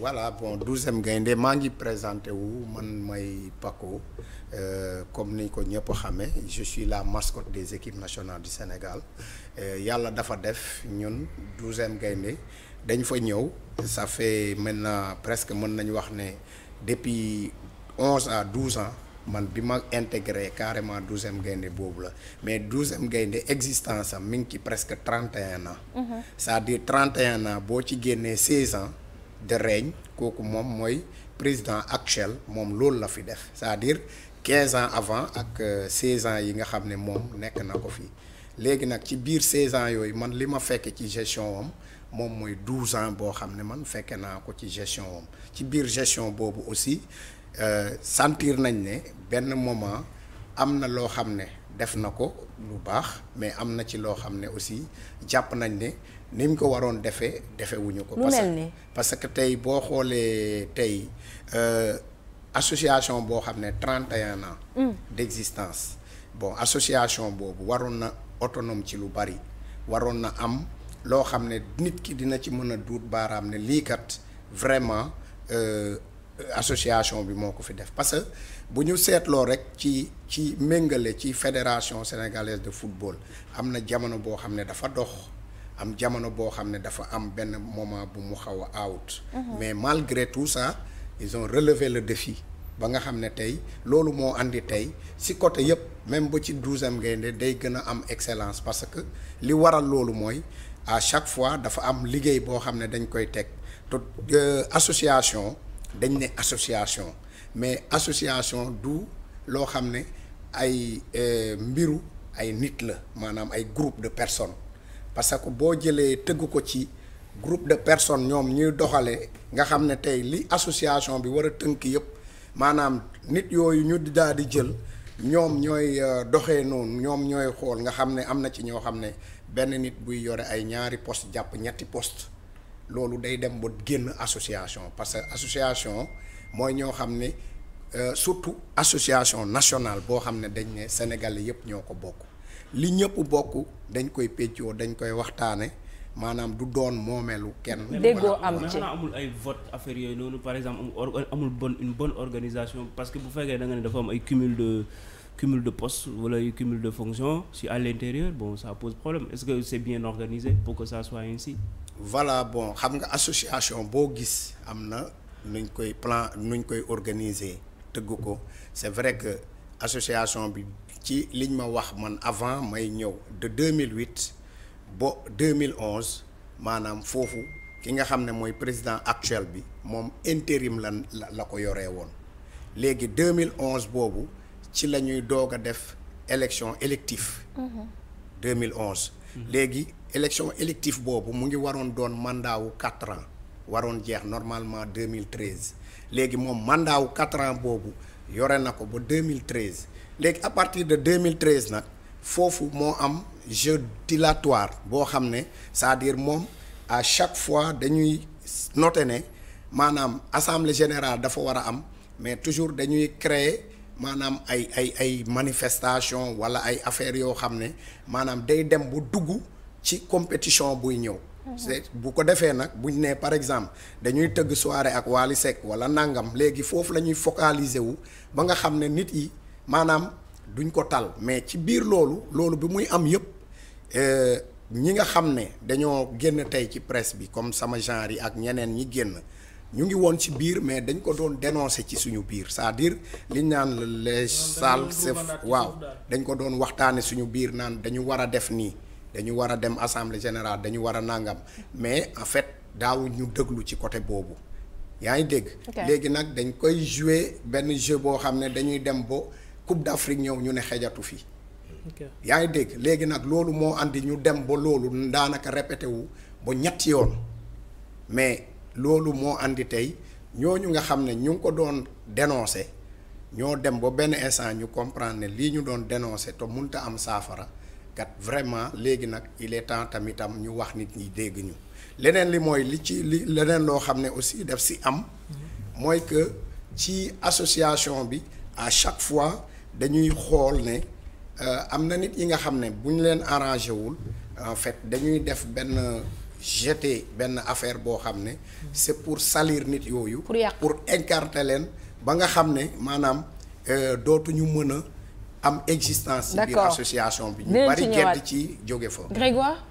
voilà bon douzième gaynde maa ngi présenté wu man may Paco euh, comme ni ko ñëpp xamee je la mascotte des équipes nationales du Sénégal euh, yàlla dafa def ñun douzième gaynde dañ fa ñëw ça fait maintenant presque mën nañu wax ne depuis onze à douze ans man bi ma intégré carrément douzième gaynde boobu la mais douzième gaynde existence am mi ngi ci presque trente et un ans. Mhm. cest à trente un ans boo ci génnee seize ans. de règne kooku moom mooy président actuel moom loolu la fi def c'est-à-dire quinze ans avant ak euh, seize ans yi nga xam ne moom nekk na ko fii léegi nag ci biir seize ans yooyu man li ma fekk ci gestion wam moom mooy douze ans boo xam ne man fekke naa ko ci gestion am ci biir gestion boobu aussi euh, sentir nañ ne benn moment am na loo xam ne def na ko lu baax mais am na ci loo xam ne aussi jàpp nañ ne ni ko waroon defee defewuñu ko. parce que parce que tey boo xoolee tey euh, association boo xam ne trente et un ans. Mm. association boobu waroon na autonome ci lu bari waroon na am loo xam ne nit ki dina ci mën a duut baaraam ne lii kat vraiment euh, association bi moo ko fi def parce que bu ñu seetloo rek ci ci méngale ci fédération sénégalaise de football am na jamono boo xam ne dafa dox. am jamono boo xam ne dafa am benn moment bu mu xaw a out mhm. mais malgré tout ça ils ont relevé le défi ba nga xam ne tey loolu moo andi tey si côté yëpp même ba ci douzième gaynde day gën a am excellence parce que li waral loolu mooy à chaque fois dafa am liggéey boo xam ne dañ koy teg te euh, association dañ ne association mais association du loo xam ne ay euh, mbiru ay nit la maanaam ay groupe de personnes parce que boo jëlee tëgg ko ci groupe de personnes ñoom ñuy doxalee nga xam ne tey li association bi war a tënk yëpp maanaam nit yooyu ñu daal di jël ñoom ñooy euh, doxee noonu ñoom ñooy xool nga xam ne am na ci ñoo xam ne benn nit buy yore ay ñaari post jàpp ñetti poste loolu day dem ba génn association parce que association mooy ñoo xam ne euh, surtout association nationale boo xam ne dañ ne Sénégalais yëpp ñoo ko bokk li ñëpp bokk dañ koy péccoo dañ koy waxtaane maanaam du doon moomeelu kenn. déggoo am amul ay vote affaire yooyu par exemple amul bonne une organisation parce que bu fekkee da nga ne ay cumul de cumul de poste wala ay cumul de fonction si à l'intérieur bon ça pose problème est-ce que c'est bien organisé pour que ça soit bon xam nga association boo gis am na nuñ koy plan nuñ koy organiser tëgg ko c'est vrai que. association bi ci liñ ma wax man avant may ñëw de mille 2008 ba 2011 maanaam foofu ki nga xam ne mooy président actuel bi moom intérim lan la ko yoree woon léegi mille 2011 boobu ci la ñuy doog a def élection électif. 2011. Mhm. Mhm. léegi élection électif boobu mu ngi waroon doon mandat wu quatre ans. waroon jeex normalement 2013 léegi moom mandat wu 4 ans boobu yore na ko ba 2013 léegi à partir de 2013 nag foofu moo am jeu dilatoire boo xam ne c'est-à-dire moom à chaque fois dañuy noter ne maanaam assemblée générale dafa war a am mais toujours dañuy créer maanaam ay ay ay manifestation walla ay affaires yoo xam ne maanaam day dem bu dugg ci compétition buy ñëw bu ko defee nag buñ nee par exemple dañuy tëgg soirée ak Wally Seck wala nangam léegi foofu la ñuy focaliser wu ba nga xam ne nit yi maanaam duñ ko tal mais ci biir loolu loolu bi muy am yëpp euh, ñi nga xam ne dañoo génn tey ci presse bi comme sama genre yi ak ñeneen ñi génn ñu ngi woon ci biir mais dañ ko doon dénoncer ci suñu biir saa à dire naan naan les salles waaw dañ ko doon waxtaane suñu biir naan dañu war a def nii dañu war a dem assemblée général dañu war a nàngam mais en fait daawuñ ñu déglu ci côté boobu yaa ngi dégg léegi nag dañ koy jouer benn jeu boo xam ne dañuy dem ba Coupe d'Afrique ñëw ñu ne xejatu fi yaa ngi dégg léegi nag loolu moo indi ñu dem ba loolu daanaka répété wu ba ñetti yoon mais loolu moo indi tey ñooñu nga xam ne ñu ngi ko doon dénoncé ñoo dem ba benn instant ñu comprendre ne lii ñu doon dénoncé te munta am saafara kat vraiment léegi nag il est temps tamitam ñu wax nit ñi dégg ñu leneen li mooy li ci li leneen loo xam ne aussi def si am mooy que ci association bi à chaque fois dañuy xool ne euh, am na nit yi nga xam ne bu ñu leen arrangé wul en fait dañuy def benn jeté benn affaire boo xam ne c'est pour salir nit yooyu pour écarter leen ba nga xam ne maanaam euh, dootuñu mën a am existence. ci biir association bi. ñu bari gedd ci jóge fa. Grégoire.